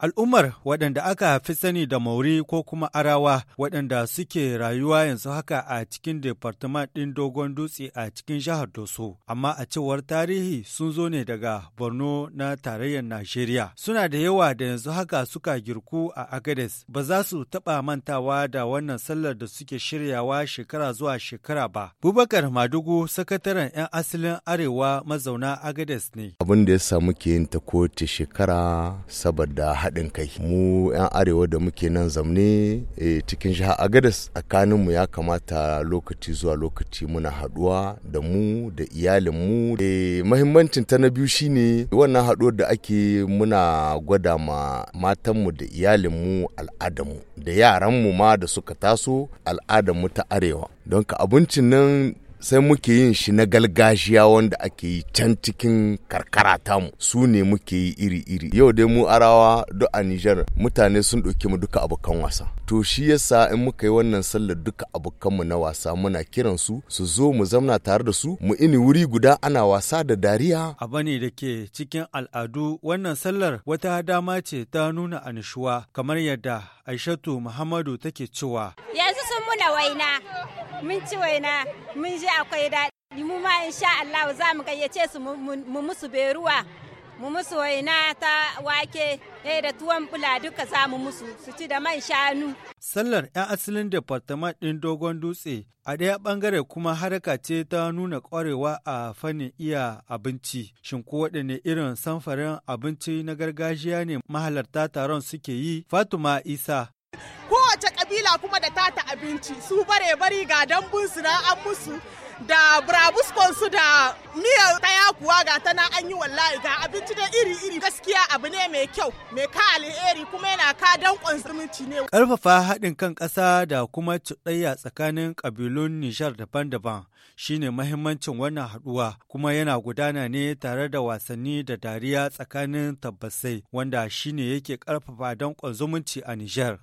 Al'ummar waɗanda aka fi sani da Mauri ko kuma Arawa waɗanda suke rayuwa yanzu haka a cikin Departement ɗin Dogon Dutse a cikin jihar Doso, amma a cewar tarihi sun zo ne daga Borno na tarayyar Najeriya. Suna da yawa da yanzu haka suka girku a Agades, ba za su taɓa mantawa da wannan sallar da suke shiryawa shekara zuwa shekara ba. Bubakar Madugu, sakataren 'yan asalin Arewa mazauna Agades ne. Abin da ya samu ke yin ta kowace shekara saboda haɗin kai mu 'yan arewa da muke nan zamne eh, cikin jihar agadas mu ya kamata lokaci zuwa lokaci muna haɗuwa da mu da iyalinmu eh, mahimmancin ta na biyu shine wannan haɗuwar da ake muna gwada ma matanmu da iyalinmu al'adarmu da yaran mu ma da suka taso mu ta arewa don ka abincin nan sai muke yin shi na galgashiya wanda ake yi can cikin karkara tamu su ne muke yi iri-iri yau dai mu arawa duk a Nijar mutane sun ɗauki mu duka abokan wasa to shi yasa in muka yi wannan sallar duka abokan mu na wasa muna kiran su su zo mu zamna tare da su mu ini wuri guda ana wasa da dariya abu ne da ke cikin al'adu wannan sallar wata dama ce ta nuna anishuwa kamar yadda Aishatu Muhammadu take cewa sun muna waina mun ci waina mun ji akwai daɗi mu ma insha Allah za mu gayyace su mu musu beruwa mu musu waina ta wake eh da tuwon bula duka za mu musu su ci da man shanu. Sallar 'yan asalin departament din dogon dutse a ɗaya bangare kuma haraka ce ta nuna kwarewa a fannin iya abinci. Shin ko waɗanne irin samfarin abinci na gargajiya ne mahalarta taron suke yi? Fatuma Isa kowace kabila kuma da tata abinci su bare bari ga su na an musu da burabuskonsu da miyar ta kuwa ga tana an yi wallahi ga abinci da iri-iri gaskiya abu ne mai kyau mai ka alheri kuma yana ka danƙon zumunci ne. Ƙarfafa haɗin kan ƙasa da kuma cuɗayya tsakanin ƙabilun Nijar daban-daban shine mahimmancin wannan haɗuwa kuma yana gudana ne tare da wasanni da dariya tsakanin tabbasai wanda shine yake ƙarfafa danƙon zumunci a Nijar.